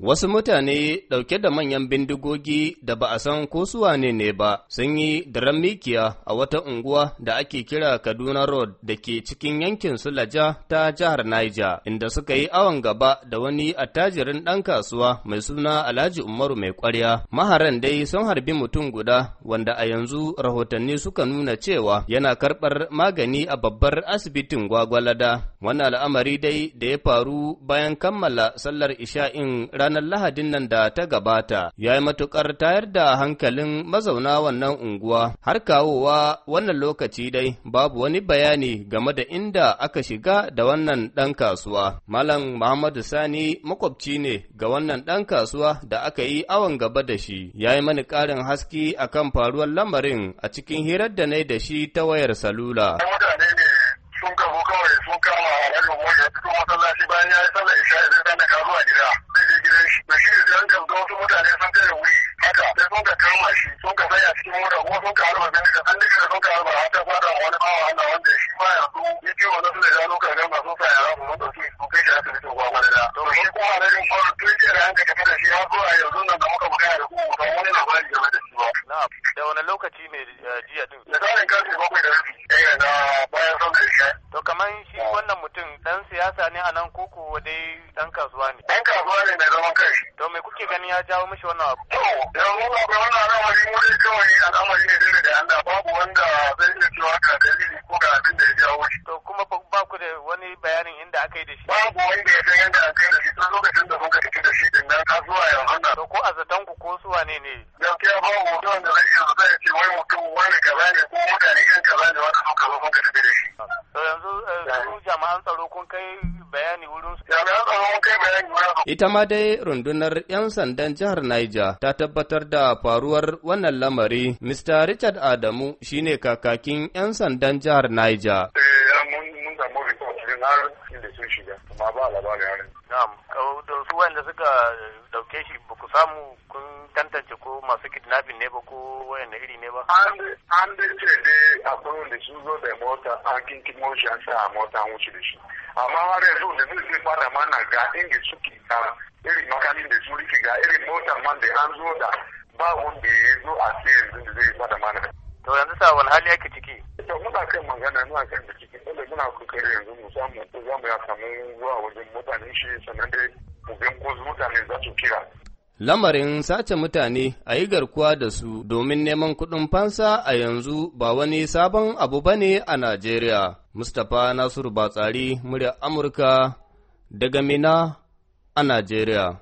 Wasu mutane ɗauke da manyan bindigogi da ba a san ko su wane ne ba sun yi daren mikiya a wata unguwa da ake kira Kaduna Road da ke cikin yankin Sulaja ta jihar Niger, inda suka yi awon gaba da wani attajirin ɗan kasuwa mai suna Alhaji Umaru mai ƙwarya. Maharan dai sun harbi mutum guda wanda a yanzu rahotanni suka nuna cewa yana karɓar magani a babbar asibitin Gwagwalada. wani al'amari dai da ya faru bayan kammala sallar isha'in ranar Lahadin nan da ta gabata ya yi matuƙar tayar da hankalin mazauna wannan unguwa har kawowa wannan lokaci dai babu wani bayani game da inda aka shiga da wannan ɗan kasuwa. Malam Muhammadu Sani makwabci ne ga wannan ɗan kasuwa da aka yi awon gaba da shi ya yi mani ƙarin haski akan faruwar lamarin a cikin hirar da na yi da shi ta wayar salula. sun kawo kawai sun kama a wajen wajen ya masallaci bayan ya yi sallar isha idan da ka gida suka harba gani da bindiga da suka har ta wani bawa Allah wanda shi ma yanzu ya ce wannan da ya loka gamba sun sa su wanda su su kai shi asibitin ruwa wani da. To shi kuma ne jin kwaro tun da hankali da shi har zuwa yanzu nan da muka magana da k'u ba wani labari game da shi ba. da wani lokaci ne eh, jiya din. Da tsarin karfe bakwai da rufi. Eh na bayan son kai shi. To kamar shi wannan mutum dan siyasa ne a nan koko dan kasuwa ne. Dan kasuwa ne mai zaman kai. To me kuke ganin ya jawo mishi wannan abu? To, yanzu ba ga wannan al'amari mu dai kawai al'amari ne dole da Allah babu wanda zai iya cewa ga dalili ko ga abin da ya jawo shi. To kuma ba ku da wani bayanin inda aka yi da shi. Babu wanda ya san yadda aka yi da shi tun lokacin da kuka tafi da shi din nan kasuwa ya nan. To ko a zaton ku ko su wane ne? Gaskiya ba mutum da zai iya zai ce wai mutum wani kaza ne ko mutane yan kaza ne wanda suka zo kuka tafi da shi. To yanzu eh, su jama'an tsaro kun kai Ita ma dai rundunar 'yan sandan jihar Niger ta tabbatar da faruwar wannan lamari. Mr. Richard Adamu shine kakakin 'yan sandan jihar Niger. Eh, mun samu report din har inda sun shiga ba labarin su wanda suka dauke shi ba ku samu kun tantance ko masu kidnapping ne ba ko wayanne iri ne ba? An dace ce dai akwai wanda sun zo da mota an kinkin shi an sa mota an wuce da shi. amma har yanzu da zai zai bada mana ga inda suke ka irin makamin da su rike ga irin motar man da an zo da ba wanda ya zo a ce yanzu da zai bada mana to yanzu sa wani hali ake ciki to muna kan magana muna kan da ciki dole muna kokari yanzu mu samu ko zamu ya samu zuwa wajen mutane shi sannan dai mu gan ko mutane za su kira Lamarin sace mutane a yi garkuwa da su domin neman kuɗin fansa a yanzu ba wani sabon abu ba ne a Najeriya. Mustapha Nasiru Batsari, murya Amurka, daga Mina a Najeriya.